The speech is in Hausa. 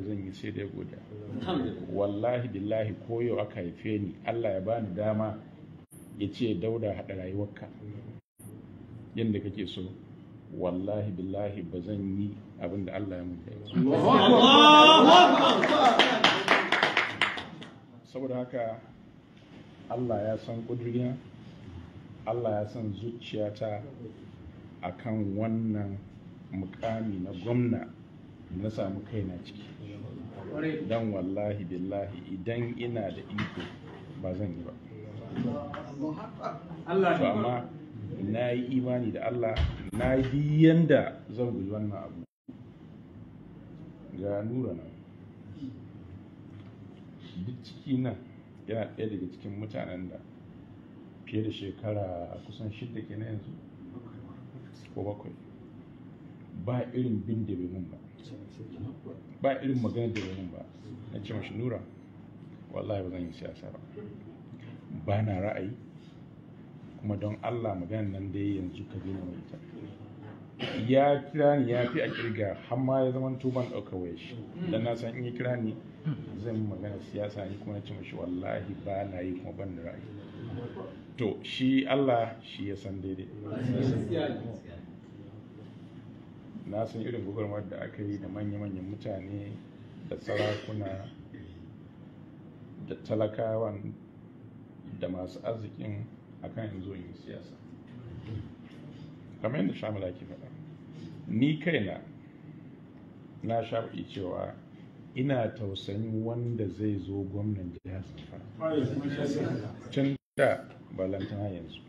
da zan yi sai dai godiya wallahi billahi ko yau aka haife ni Allah ya bani dama ya ce dauda haɗa rayuwarka yadda kake so wallahi billahi ba zan yi abin Allah ya mun saboda haka Allah ya san ƙudurina Allah ya san zuciyata a kan wannan mukami na gwamna na samu kaina ciki don wallahi billahi idan ina da iko ba zan yi ba to amma na yi imani da Allah na yi yanda zan guji wannan abu ga nura nan duk ciki nan yana ɗaya daga cikin mutanen da fiye da shekara kusan shidda kenan yanzu ko bakwai ba irin bin da bai mun ba ba irin magana da bai mun ba na ce mashi nura wallahi ba zan yi siyasa ba ba na ra'ayi kuma don allah magana nan da ya yanzu ka zina mai ta ya kira ni ya fi a kirga har ma ya zama tuban ɗauka waya shi don na san in yi kira ni zan yi magana siyasa ni kuma na ce mashi wallahi ba na yi kuma ban da ra'ayi to shi allah shi ya san daidai na san irin gugurmar da aka yi da manya-manyan mutane da sarakuna da talakawan da masu arzikin akan yanzu yin siyasa kamar yadda shamila ke faɗa ni kaina na shafi cewa ina tausayin wanda zai zo gwamnan jihar zamfara can da balantana yanzu